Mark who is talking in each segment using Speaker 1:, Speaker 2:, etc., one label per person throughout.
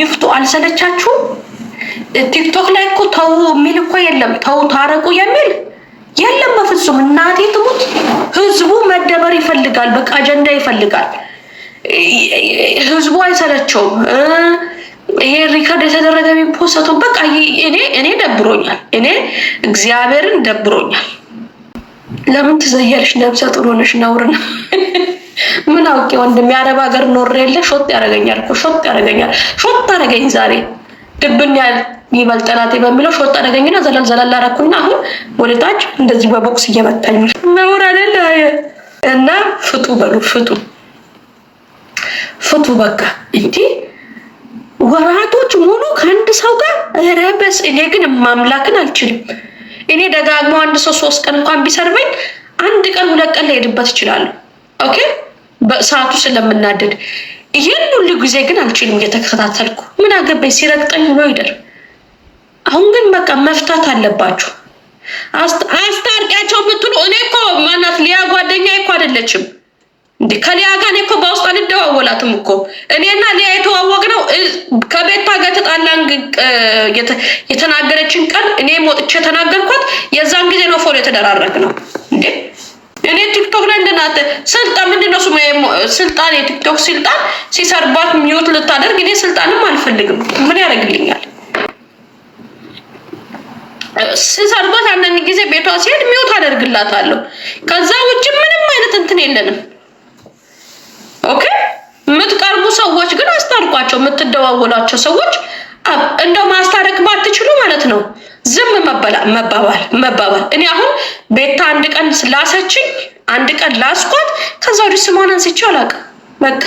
Speaker 1: ይፍቱ። አልሰለቻችሁም? ቲክቶክ ላይ እኮ ተው የሚል እኮ የለም። ተው ታረቁ የሚል የለም በፍጹም። እናቴ ትሙት፣ ህዝቡ መደበር ይፈልጋል። በቃ አጀንዳ ይፈልጋል። ህዝቡ አይሰለቸውም። ይሄ ሪከርድ የተደረገ የሚፖሰተው በቃ እኔ እኔ ደብሮኛል። እኔ እግዚአብሔርን ደብሮኛል። ለምን ትዘያለሽ? ነብሰ ጡር ሆነሽ ነውር ነው። ምን አውቄ ወንድም የአረብ ሀገር ኖር የለ ሾጥ ያደርገኛል እኮ ሾጥ ያደርገኛል። ሾጥ አደረገኝ ዛሬ ድብን ያል ይበል ጠላቴ በሚለው ሾጥ አደረገኝና ዘላል ዘላል አደረኩና አሁን ወደ ታች እንደዚህ በቦክስ እየመታኝ ነውር አይደል? እና ፍጡ በሉ ፍጡ ፍጡ በቃ እንዲ ወራቶች ሙሉ ከአንድ ሰው ጋር ረበስ። እኔ ግን ማምላክን አልችልም። እኔ ደጋግሞ አንድ ሰው ሶስት ቀን እንኳን ቢሰርበኝ አንድ ቀን ሁለት ቀን ላይሄድበት ይችላለሁ። ኦኬ በሰዓቱ ስለምናደድ ይህን ሁሉ ጊዜ ግን አልችልም። እየተከታተልኩ ምን አገባኝ ሲረግጠኝ ብሎ ይደር። አሁን ግን በቃ መፍታት አለባችሁ። አስታርቂያቸው ብትሉ እኔ እኮ ማናት ሊያ ጓደኛ እኮ አይደለችም እንዴ? ከሊያ ጋር እኔ እኮ በውስጥ አንደዋወላትም እኮ እኔና ሊያ የተዋወቅነው ከቤታ ጋር ተጣላን። የተናገረችን ቀን እኔ ሞጥቼ ተናገርኳት። የዛን ጊዜ ነው ፎሎ የተደራረግ ነው እንዴ እኔ ቲክቶክ ላይ እንደናንተ ስልጣን ምንድነው? ሱማዬ ስልጣን የቲክቶክ ስልጣን ሲሰርባት ሚውት ልታደርግ እኔ ስልጣንም አልፈልግም። ምን ያደርግልኛል? ሲሰርባት አንዳንድ ጊዜ ቤቷ ሲሄድ ሚውት አደርግላታለሁ። ከዛ ውጭ ምንም አይነት እንትን የለንም። ኦኬ። የምትቀርቡ ሰዎች ግን አስታርቋቸው። የምትደዋወላቸው ሰዎች እንደው ማስታረቅ ባትችሉ ማለት ነው ዝም መባባል መባባል። እኔ አሁን ቤታ አንድ ቀን ላሰችኝ፣ አንድ ቀን ላስኳት። ከዛ ወዲህ ስሟን አንስቼው አላውቅም። በቃ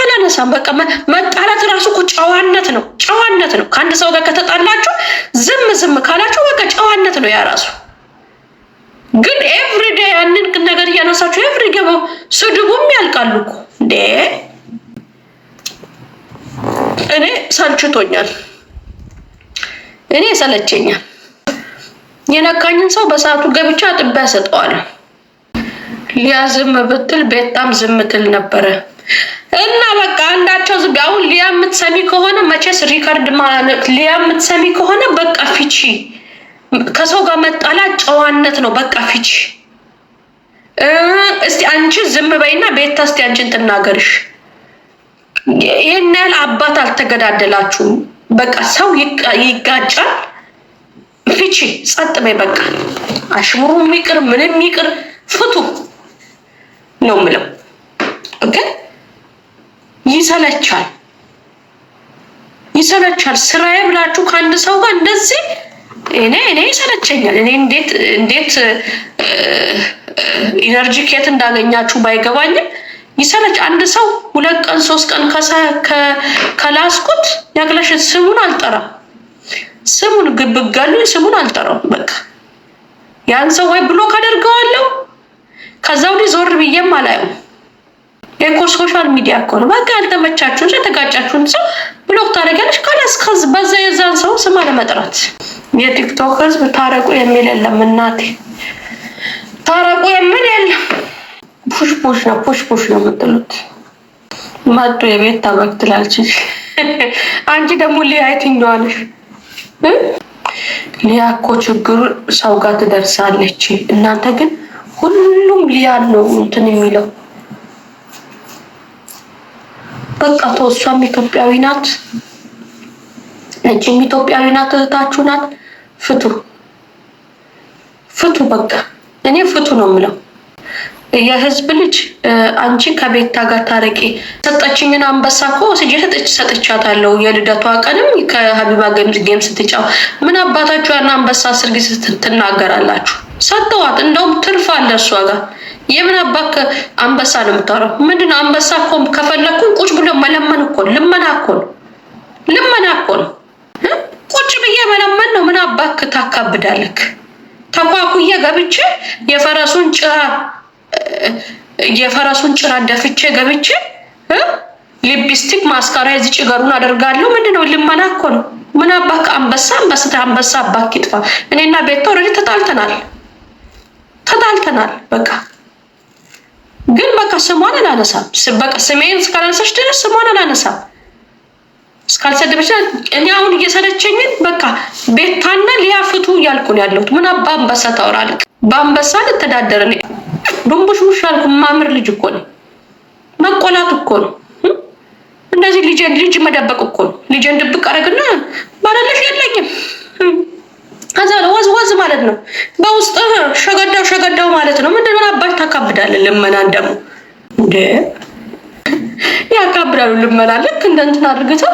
Speaker 1: አላነሳም። በቃ መጣላት ራሱ እኮ ጨዋነት ነው፣ ጨዋነት ነው። ከአንድ ሰው ጋር ከተጣላችሁ ዝም ዝም ካላችሁ በቃ ጨዋነት ነው ያ ራሱ። ግን ኤቭሪዴ ያንን ነገር እያነሳችሁ ኤቭሪዴ ስድቡም ያልቃሉ እኮ እኔ ሰልችቶኛል፣ እኔ ሰለቸኛል። የነካኝን ሰው በሰዓቱ ገብቻ አጥቤ ሰጠዋለሁ። ሊያ ዝም ብትል ቤታም ዝም ትል ነበረ። እና በቃ አንዳቸው ዝም አሁን ሊያ የምትሰሚ ከሆነ መቼስ ሪከርድ ማለት ሊያ የምትሰሚ ከሆነ በቃ ፊቺ። ከሰው ጋር መጣላት ጨዋነት ነው። በቃ ፊቺ። እስቲ አንቺ ዝም በይና ቤታ እስቲ አንቺን ትናገርሽ። ይህን ያህል አባት አልተገዳደላችሁም። በቃ ሰው ይጋጫል። ፊቺ ጸጥ በይ በቃ። አሽሙሩም ይቅር ምንም ይቅር ፍቱ ነው ምለው። ግን ይሰለቻል ይሰለቻል። ስራዬ ብላችሁ ከአንድ ሰው ጋር እንደዚህ እኔ እኔ ይሰለቸኛል። እኔ እንዴት እንዴት ኢነርጂ ኬት እንዳገኛችሁ ባይገባኝም ይሰለች። አንድ ሰው ሁለት ቀን ሶስት ቀን ከላስኩት ያቅለሽት ስሙን አልጠራ ስሙን ግብጋሉኝ ስሙን አልጠራው። በቃ ያን ሰው ወይ ብሎክ አደርገዋለሁ ከዛው ላይ ዞር ብዬም አላየው። የኮ ሶሻል ሚዲያ እኮ ነው። በቃ ያልተመቻችሁን የተጋጫችሁን ሰው ብሎክ ታደርጊያለሽ። ካላስ በዛ የዛን ሰው ስም አለመጥራት የቲክቶክ ህዝብ ታረቁ የሚል የለም እናቴ ታረቁ የሚል የለም። ፑሽ ነው ፑሽ ነው የምትሉት። መጡ የቤት ታበቅ ትላለች። አንቺ ደግሞ ሊያ የትኛዋለሽ? ሊያ እኮ ችግር ሰው ጋር ትደርሳለች። እናንተ ግን ሁሉም ሊያ ነው እንትን የሚለው በቃ ተወሷም ኢትዮጵያዊ ናት፣ እጅም ኢትዮጵያዊ ናት፣ እህታችሁ ናት። ፍቱ ፍቱ፣ በቃ እኔ ፍቱ ነው የምለው። የህዝብ ልጅ አንቺ ከቤታ ጋር ታረቂ ሰጠችኝን አንበሳ እኮ ወስጄ ሰጥቻታለሁ። የልደቷ ቀንም ከሀቢባ ጌም ስትጫው ምን አባታችሁ ያን አንበሳ አስር ጊዜ ትናገራላችሁ? ሰጠዋት። እንደውም ትርፍ አለ እሷ ጋር። የምን አባት አንበሳ ነው የምታወራው? ምንድን አንበሳ እኮ ከፈለግኩን ቁጭ ብሎ መለመን እኮ ልመና እኮ ነው። ልመና እኮ ነው። ቁጭ ብዬ መለመን ነው። ምን አባክ ታካብዳለክ? ተኳኩዬ ገብቼ የፈረሱን ጭራ የፈረሱን ጭራ ደፍቼ ገብቼ ሊፕስቲክ ማስካራ የዚህ ጭገሩን አደርጋለሁ። ምንድነው? ልመና እኮ ነው። ምን አባክ አንበሳ አንበስተ አንበሳ አባክ ይጥፋ። እኔና ቤታ ኦልሬዲ ተጣልተናል ተጣልተናል። በቃ ግን በቃ ስሟን አላነሳም። በቃ ስሜን እስካላነሳች ድረስ ስሟን አላነሳም። እስካልሰደበች እኔ አሁን እየሰለቸኝን በቃ ቤታና ሊያፍቱ እያልኩ ያለሁት። ምን አባ አንበሳ ታወራለህ? በአንበሳ ልተዳደር እኔ ድንቡሽቡሽ ያልኩ ማምር ልጅ እኮ ነው። መቆላት እኮ ነው። እንደዚህ ልጅ ልጅ መደበቅ እኮ ነው። ልጅን ድብቅ አረግና ባለልሽ የለኝም ከዛ ወዝ ወዝ ማለት ነው። በውስጥ ሸገዳው ሸገዳው ማለት ነው። ምንድን ነው አባሽ ታካብዳለ። ልመናን ደግሞ እንደ ያካብዳሉ። ልመና ልክ እንደ እንትን አድርገው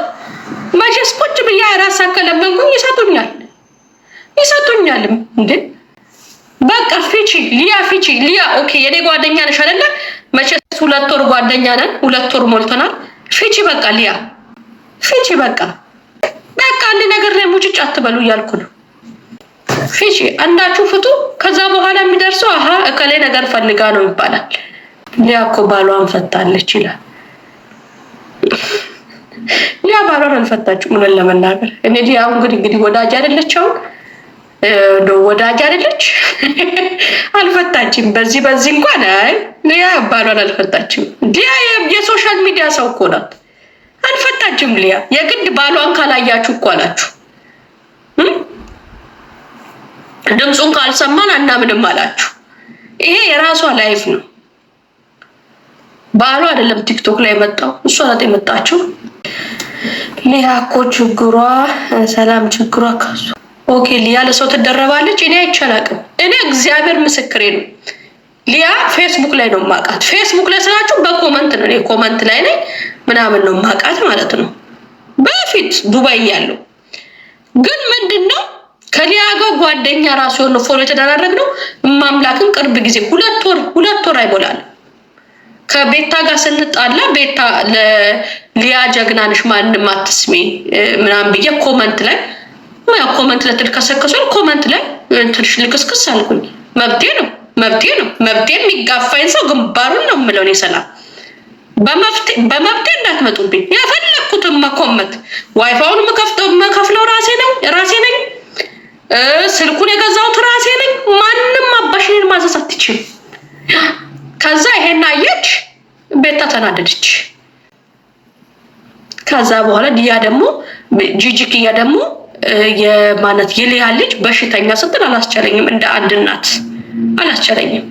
Speaker 1: መቼስ ቁጭ ብዬ ራስ አከለመንኩኝ። ይሰጡኛል ይሰጡኛልም እንዴ በቃ ፊቺ ሊያ ፊቺ ሊያ ኦኬ፣ የኔ ጓደኛ ነሽ አይደለ? መቼስ ሁለት ወር ጓደኛ ነን፣ ሁለት ወር ሞልተናል። ፊቺ በቃ ሊያ ፊቺ በቃ በቃ አንድ ነገር ላይ ሙጭጭ አትበሉ እያልኩ ነው። ፊቺ አንዳችሁ ፍቱ። ከዛ በኋላ የሚደርሰው አሀ እከሌ ነገር ፈልጋ ነው ይባላል። ሊያ እኮ ባሏን ፈታለች ይላል። ሊያ ባሏን አልፈታችም፣ እውነት ለመናገር እኔ ሊያ እንግዲህ እንግዲህ ወዳጅ አይደለች አሁን ወዳጅ አይደለች፣ አልፈታችም። በዚህ በዚህ እንኳን ያ ባሏን አልፈታችም። ሊያ የሶሻል ሚዲያ ሰው እኮ ናት፣ አልፈታችም። ሊያ የግድ ባሏን ካላያችሁ እኮ አላችሁ ድምፁን ካልሰማን አናምንም አላችሁ። ይሄ የራሷ ላይፍ ነው። ባሏ አይደለም ቲክቶክ ላይ መጣው፣ እሷ ናት የመጣችው። ሊያ እኮ ችግሯ ሰላም ችግሯ ከሱ ኦኬ ሊያ ለሰው ትደረባለች። እኔ አይቼ አላውቅም። እኔ እግዚአብሔር ምስክሬ ነው። ሊያ ፌስቡክ ላይ ነው ማቃት። ፌስቡክ ላይ ስላችሁ በኮመንት ነው፣ ኮመንት ላይ ነኝ ምናምን ነው ማቃት ማለት ነው። በፊት ዱባይ ያለው ግን ምንድን ነው ከሊያ ጋር ጓደኛ ራሱ የሆነ ፎሎ የተደራረግ ነው ማምላክን ቅርብ ጊዜ ሁለት ወር ሁለት ወር አይሞላል ከቤታ ጋር ስንጣላ ቤታ ለሊያ ጀግናንሽ ማንም አትስሜ ምናምን ብዬ ኮመንት ላይ ያው ኮመንት ለትል ለትልከሰከሱን ኮመንት ላይ እንትንሽ ልክስክስ አልኩኝ። መብቴ ነው መብቴ ነው መብቴ። የሚጋፋኝ ሰው ግንባሩን ነው የምለው። እኔ ሰላም በመብቴ እንዳትመጡብኝ። የፈለግኩትን መኮመት ዋይፋውን መከፍለው ራሴ ነው ራሴ ነኝ። ስልኩን የገዛሁት ራሴ ነኝ። ማንም አባሽኔን ማዘዝ አትችልም። ከዛ ይሄን አየች ቤታ ተናደደች። ከዛ በኋላ ዲያ ደግሞ ጂጂክያ ደግሞ የማነት የሊያ ልጅ በሽተኛ ስትል አላስቻለኝም፣ እንደ አንድ እናት አላስቻለኝም።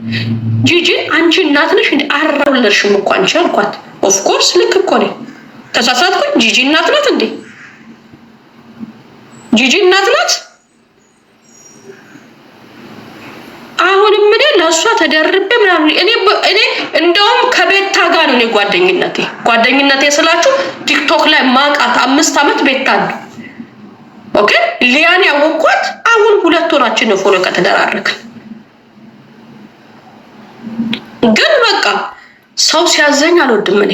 Speaker 1: ጂጂ አንቺ እናት ነሽ እንደ አረውልርሽም እኮ አንቺ አልኳት። ኦፍኮርስ ልክ እኮ ነኝ። ተሳሳትኩኝ። ጂጂ እናት ናት እንዴ? ጂጂ እናት ናት። አሁንም ምን ለእሷ ተደርቤ ምናምን እኔ እኔ እንደውም ከቤታ ጋር ነው ጓደኝነቴ ጓደኝነቴ ስላችሁ ቲክቶክ ላይ ማቃት አምስት አመት ቤታ ነው ኦኬ ሊያን ያወቅኳት አሁን ሁለት ወራችን ፎሎ ከተደራረግን ግን በቃ ሰው ሲያዘኝ አልወድም እኔ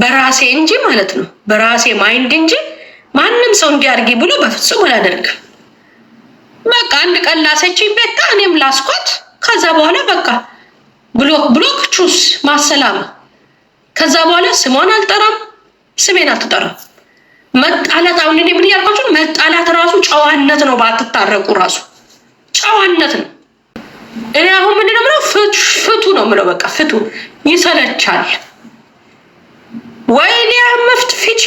Speaker 1: በራሴ እንጂ ማለት ነው በራሴ ማይንድ እንጂ ማንም ሰው እንዲያርጊ ብሎ በፍጹም አላደርግም። በቃ አንድ ቀን ላሰችኝ ቤታ፣ እኔም ላስኳት። ከዛ በኋላ በቃ ብሎክ ብሎክ ቹስ ማሰላም ከዛ በኋላ ስሟን አልጠራም፣ ስሜን አትጠራም። መጣላት አሁን እኔ ምን ያልኳችሁ መጣላት ራሱ ጨዋነት ነው። ባትታረቁ ራሱ ጨዋነት ነው። እኔ አሁን ምንድን ነው የምለው ፍቱ ነው የምለው። በቃ ፍቱ። ይሰለቻል ወይ ሊያ መፍት ፊቺ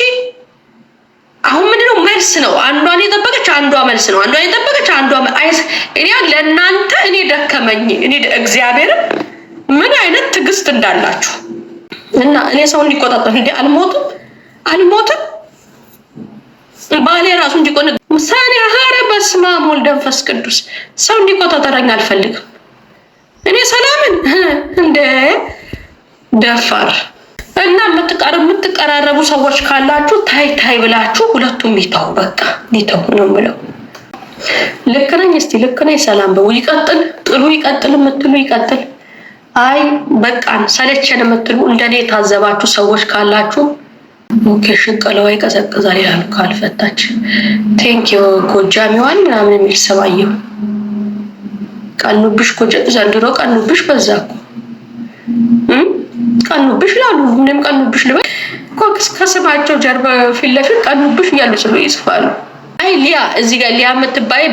Speaker 1: አሁን ምንድን ነው መልስ ነው። አንዷን የጠበቀች አንዷ መልስ ነው። አንዷን የጠበቀች አንዷ አይስ። እኔ ለእናንተ እኔ ደከመኝ። እኔ እግዚአብሔርም ምን አይነት ትዕግስት እንዳላችሁ እና እኔ ሰው ሊቆጣጠር እንዲ አልሞትም አልሞትም ባሌ ራሱ እንዲቆነ ምሳሌ ሀረ በስመ አብ ወልድ መንፈስ ቅዱስ ሰው እንዲቆጣጠረኝ አልፈልግም። እኔ ሰላምን እንደ ደፋር እና የምትቀራረቡ ሰዎች ካላችሁ ታይ ታይ ብላችሁ ሁለቱም ይተው፣ በቃ ይተው ነው የምለው። ልክ ነኝ፣ እስቲ ልክ ነኝ፣ ሰላም በው ይቀጥል፣ ጥሉ ይቀጥል፣ የምትሉ ይቀጥል። አይ በቃን ሰለቸን የምትሉ እንደኔ የታዘባችሁ ሰዎች ካላችሁ ቡኬሽን ቀለዋ ይቀዘቅዛል ይላሉ። ካልፈታች ቴንክ ጎጃሚዋን ምናምን የሚል ሰባየው ቀኑብሽ ጎጃ ዘንድሮ ቀኑብሽ በዛ እኮ ቀኑብሽ ላሉ ምንም ቀኑብሽ ልበል እኮ ከስማቸው ጀርባ ፊት ለፊት ቀኑብሽ እያሉ ይጽፋሉ። አይ ሊያ እዚህ ጋር ሊያ የምትባይ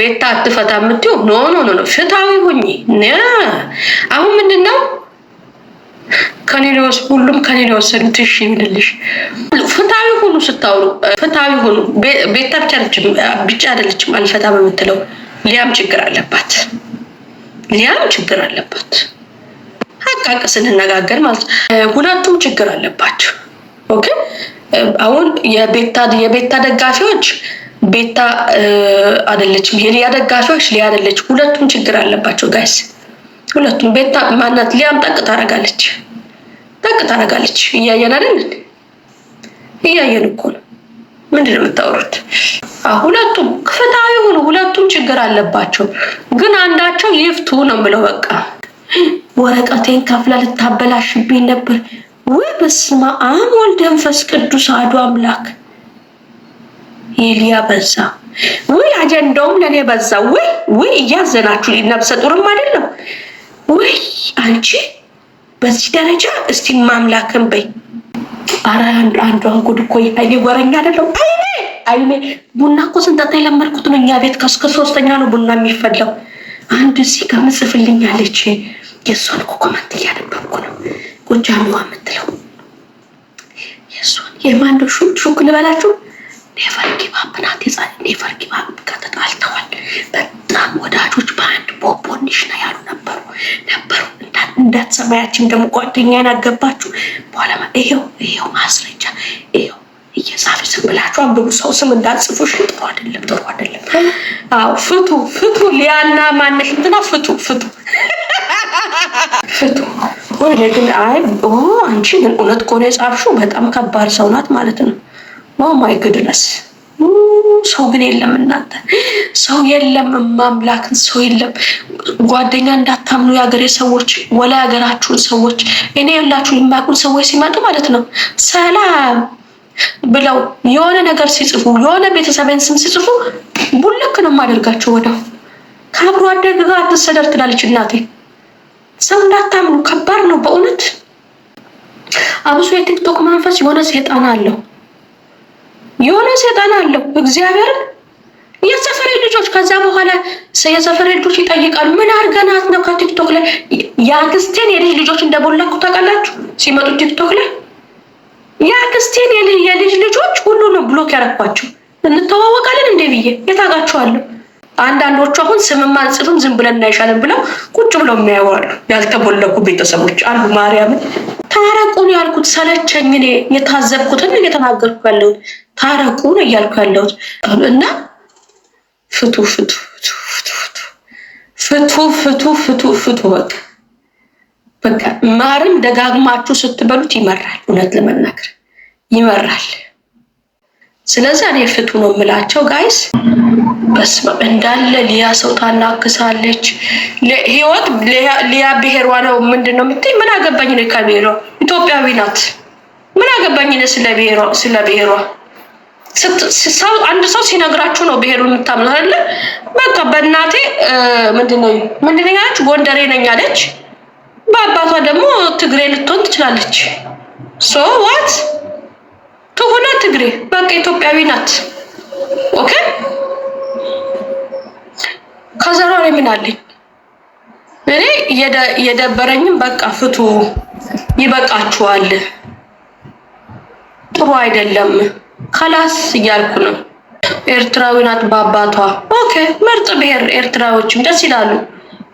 Speaker 1: ቤታ አትፈታ የምትይው ኖ ኖ ኖ ፍታዊ ሁኚ። አሁን ምንድን ነው ከኔ ሁሉም ከኔ የወሰዱት እሺ ይሁንልሽ። ፍትሐዊ ሁኑ ስታወሩ ፍትሐዊ ሁኑ። ቤታ ብቻ አይደለችም አልፈታ በምትለው ሊያም ችግር አለባት፣ ሊያም ችግር አለባት። አቃቅ ስንነጋገር ማለት ሁለቱም ችግር አለባቸው። ኦኬ አሁን የቤታ ደጋፊዎች ቤታ አይደለችም፣ የሊያ ደጋፊዎች ሊያ አይደለችም። ሁለቱም ችግር አለባቸው ጋይስ። ሁለቱም ቤታ ማናት ሊያም ጠቅ ታደርጋለች። ጠቅ ታደርጋለች። እያየን አይደል? እያየን እኮ ነው። ምንድን ነው የምታወሩት? ሁለቱም ፍትሐዊ የሆኑ ሁለቱም ችግር አለባቸው፣ ግን አንዳቸው ይፍቱ ነው የምለው። በቃ ወረቀቴን ከፍላ ልታበላሽብኝ ነበር ወይ? በስመ አብ ወልድ ቅዱስ አሐዱ አምላክ። የሊያ በዛ ወይ አጀንዳውም ለእኔ በዛ ወይ ወይ እያዘናችሁ ነብሰ ጡርም አይደለም ወይ አንቺ በዚህ ደረጃ እስቲ ማምላክን በይ። አረ አንዷን ጉድ እኮ አይኔ ወረኛ አይደለም። አይኔ አይኔ ቡና እኮ ስንጠጣ የለመድኩት ነው። እኛ ቤት ከስከ ሶስተኛ ነው ቡና የሚፈላው። አንድ እዚህ ከምጽፍልኛለች የእሷን እኮ ኮመንት እያነበብኩ ነው። ጎጃሚዋ የምትለው የእሷን የማንዶ ሹክ ልበላችሁ ኔቨር ጊቭ አፕ ናት። የጻን ኔቨር ጊቭ አፕ ከተጣልተዋል። በጣም ወዳጆች በአንድ ቦቦንሽ ነው ያሉ ነበሩ ነበሩ እንዳትሰማ ያቺም ደግሞ ጓደኛዬን አገባችሁ በኋላ ይሄው ይሄው ማስረጃ ይሄው እየጻፈ ስም ብላችሁ አንብቡ። ሰው ስም እንዳትጽፉሽ። ጥሩ አይደለም፣ ጥሩ አይደለም። አዎ ፍቱ፣ ፍቱ። ሊያና ማነሽ እንትና ፍቱ፣ ፍቱ፣ ፍቱ። ወይ ግን አይ ኦ አንቺ ግን እውነት ከሆነ የጻፍሽው በጣም ከባድ ሰው ናት ማለት ነው። ኦ ማይ ጉድነስ ሰው ግን የለም እናንተ ሰው የለም፣ ማምላክን ሰው የለም። ጓደኛ እንዳታምኑ የሀገሬ ሰዎች፣ ወላ ሀገራችሁን ሰዎች እኔ ያላችሁ የማያውቁን ሰዎች ሲመጡ ማለት ነው ሰላም ብለው የሆነ ነገር ሲጽፉ የሆነ ቤተሰብን ስም ሲጽፉ ቡልክ ነው የማደርጋቸው። ወደው ከአብሮ አደግ ጋር አትሰደር ትላለች እናቴ። ሰው እንዳታምኑ ከባድ ነው በእውነት አብሶ የቲክቶክ መንፈስ የሆነ ሴጣን አለው። የሆነ ሰይጣን አለው እግዚአብሔር የሰፈሬ ልጆች ከዛ በኋላ የሰፈሬ ልጆች ይጠይቃሉ። ምን አድርገናት ነው ከቲክቶክ ላይ የአክስቴን የልጅ ልጆች እንደቦላኩ ታውቃላችሁ። ሲመጡ ቲክቶክ ላይ የአክስቴን የልጅ ልጆች ሁሉ ነው ብሎክ ያረኳቸው። እንተዋወቃለን እንደ ብዬ የታጋችኋለሁ። አንዳንዶቹ አሁን ስምም አልጽፍም ዝም ብለን እናይሻለን ብለው ቁጭ ብለው የሚያወራሉ። ያልተቦለኩ ቤተሰቦች አሉ ማርያምን ታረቁ ነው ያልኩት። ሰለቸኝ እኔ የታዘብኩትን እየተናገርኩ ያለሁት ታረቁ ነው እያልኩ ያለሁት እና ፍቱ ፍቱ ፍቱ ፍቱ ፍቱ ፍቱ በቃ በቃ ማርም ደጋግማችሁ ስትበሉት ይመራል። እውነት ለመናገር ይመራል። ስለዚህ እኔ ፍቱ ነው የምላቸው ጋይስ። በስመ አብ እንዳለ ሊያ ሰው ታናክሳለች። ህይወት ሊያ ብሔሯ ነው ምንድን ነው የምትይ? ምን አገባኝ ነው ከብሔሯ ኢትዮጵያዊ ናት። ምን አገባኝ ነው ስለ ብሔሯ። አንድ ሰው ሲነግራችሁ ነው ብሔሩ የምታምኑት አይደለ? በቃ በእናቴ ምንድነው ነው ያለች ጎንደሬ ነኝ አለች። በአባቷ ደግሞ ትግሬ ልትሆን ትችላለች። ሶ ዋት ትሆነ ትግሬ በቃ ኢትዮጵያዊ ናት። ኦኬ ከዘሯ ላይ ምን አለኝ እኔ የደበረኝም በቃ ፍቱ፣ ይበቃችኋል፣ ጥሩ አይደለም ከላስ እያልኩ ነው። ኤርትራዊ ናት በአባቷ። ኦኬ ምርጥ ብሔር። ኤርትራዎችም ደስ ይላሉ።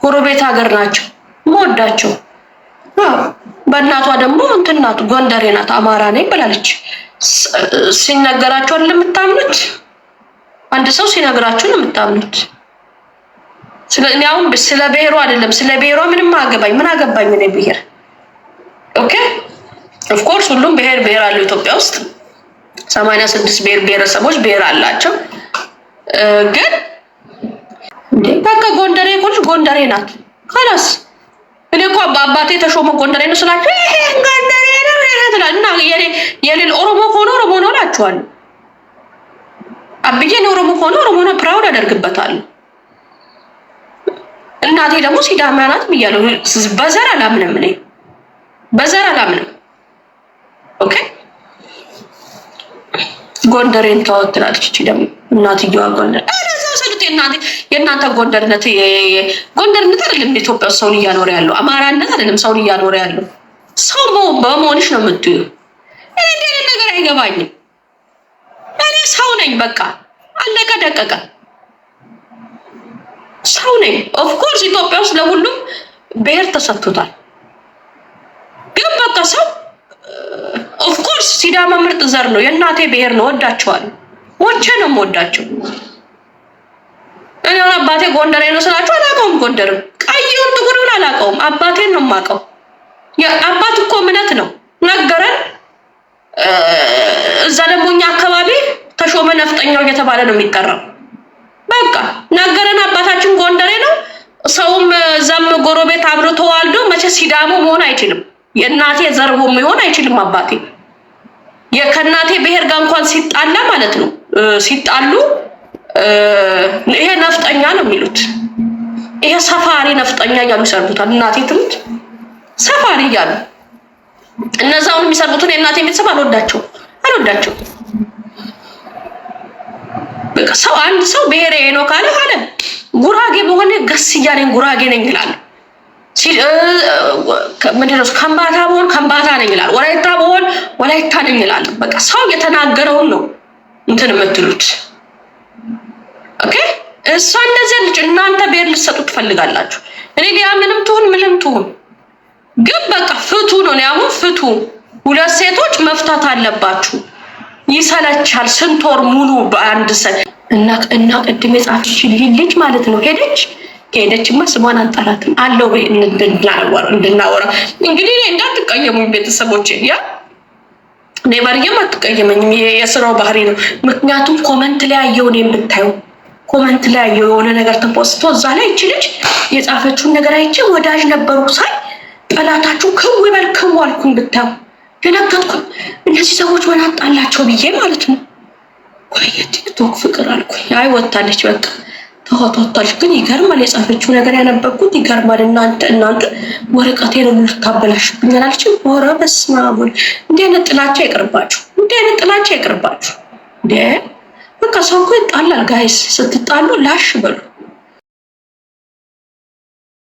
Speaker 1: ጎረቤት ሀገር ናቸው። መወዳቸው በእናቷ ደግሞ እንትን ናት፣ ጎንደሬ ናት፣ አማራ ነኝ ብላለች። ሲነገራችሁ አይደለም የምታምኑት። አንድ ሰው ሲነግራችሁ ነው የምታምኑት። እኔ አሁን ስለ ብሔሯ አይደለም ስለ ብሔሯ ምንም አገባኝ ምን አገባኝ እኔ ብሔር። ኦኬ ኦፍኮርስ ሁሉም ብሔር ብሔር አለው ኢትዮጵያ ውስጥ ሰማንያ ስድስት ብሔር ብሔረሰቦች ብሔር አላቸው። ግን በቃ ጎንደሬ ኮች ጎንደሬ ናት ካላስ እኔ እኮ በአባቴ ተሾመ ጎንደሬ ነው ስላቸው ይሄ ጎንደሬ ነው ትላል እና የሌል ኦሮሞ ከሆነ ኦሮሞ ነው እላቸዋለሁ። አብዬን ኦሮሞ ከሆነ ኦሮሞ ነው ፕራውድ አደርግበታል። እናቴ ደግሞ ሲዳማ ናት ብያለሁ። በዘር አላምንም እኔ በዘር አላምንም። ኦኬ ጎንደሬን ተወው እቺ ደግሞ እናትየዋ ጎንደር የእናንተ ጎንደርነት ጎንደርነት አይደለም። ኢትዮጵያ ውስጥ ሰውን እያኖረ ያለው አማራነት አይደለም። ሰውን እያኖረ ያለው ሰው በመሆንሽ ነው የምትዩ። እንዴት ነገር አይገባኝም። እኔ ሰው ነኝ፣ በቃ አለቀ ደቀቀ። ሰው ነኝ። ኦፍኮርስ ኢትዮጵያ ውስጥ ለሁሉም ብሔር ተሰጥቶታል። ግን በቃ ሰው ኦፍኮርስ ሲዳማ ምርጥ ዘር ነው። የእናቴ ብሔር ነው፣ ወዳቸዋለሁ። ወቸ ነው የምወዳቸው። እኔ አሁን አባቴ ጎንደሬ ነው ስላችሁ አላውቀውም። ጎንደርም ቀይውን ጥቁሩን አላውቀውም። አባቴን ነው የማውቀው። አባት እኮ እምነት ነው ነገረን። እዛ ደግሞ እኛ አካባቢ ተሾመ ነፍጠኛው እየተባለ ነው የሚጠራው። በቃ ነገረን። አባታችን ጎንደሬ ነው። ሰውም ዘም ጎረቤት አብሮ ተዋልዶ መቼ ሲዳሞ መሆን አይችልም። የእናቴ ዘርቦ መሆን አይችልም። አባቴ ከእናቴ ብሔር ጋር እንኳን ሲጣላ ማለት ነው ሲጣሉ ይሄ ነፍጠኛ ነው የሚሉት። ይሄ ሰፋሪ ነፍጠኛ እያሉ ይሰርቡታል። እናቴ ትምህርት ሰፋሪ እያሉ እነዛ እነዛውን የሚሰርቡትን የእናቴ ቤተሰብ አልወዳቸው አልወዳቸው። በቃ ሰው አንድ ሰው ብሔሬ ነው ካለ አለ ጉራጌ በሆነ ገስ እያለኝ ጉራጌ ነኝ ይላል። ምንድነው ከምባታ በሆን ከምባታ ነኝ ይላል። ወላይታ በሆን ወላይታ ነኝ ይላል። በቃ ሰው የተናገረውን ነው እንትን የምትሉት ኦኬ። እሷ እንደዚያ ልጅ እናንተ ብሔር ልትሰጡ ትፈልጋላችሁ። እኔ ያ ምንም ትሁን ምንም ትሁን ግን በቃ ፍቱ ነው። እኔ አሁን ፍቱ፣ ሁለት ሴቶች መፍታት አለባችሁ። ይሰለቻል። ስንት ወር ሙሉ በአንድ ሰ እና እና ቅድም የጻፍሽ ልጅ ማለት ነው ሄደች ከሄደችማ ስሟን አንጠራትም አለው እንድናወራ እንግዲህ እኔ እንዳትቀየሙኝ ቤተሰቦች ያ ኔቨርዬም አትቀይመኝም። የስራው ባህሪ ነው። ምክንያቱም ኮመንት ላይ ያየው እኔ የምታየው ኮመንት ላይ ያየው የሆነ ነገር ተፖስቶ እዛ ላይ ይች ልጅ የጻፈችውን ነገር አይቼ ወዳጅ ነበሩ ሳይ ጠላታችሁ ከው ይበል ክው አልኩኝ። ብታዩ ደነገጥኩ። እነዚህ ሰዎች ምን አጣላቸው ብዬ ማለት ነው። ቆየ ቲክቶክ ፍቅር አልኩኝ። አይ ወታለች በቃ ተዋጣጣሽ ግን ይገርማል። የጻፈችው ነገር ያነበብኩት ይገርማል። እናንተ እናንተ ነው ልታበላሽብኛል አላለችም። ወረ በስመ አብ እንዲህ አይነት ጥላቻ ይቅርባችሁ፣ እንዲህ አይነት ጥላቻ ይቅርባችሁ። እንደ በቃ ሰው እኮ ይጣላል። ጋይስ ስትጣሉ ላሽ በሉ።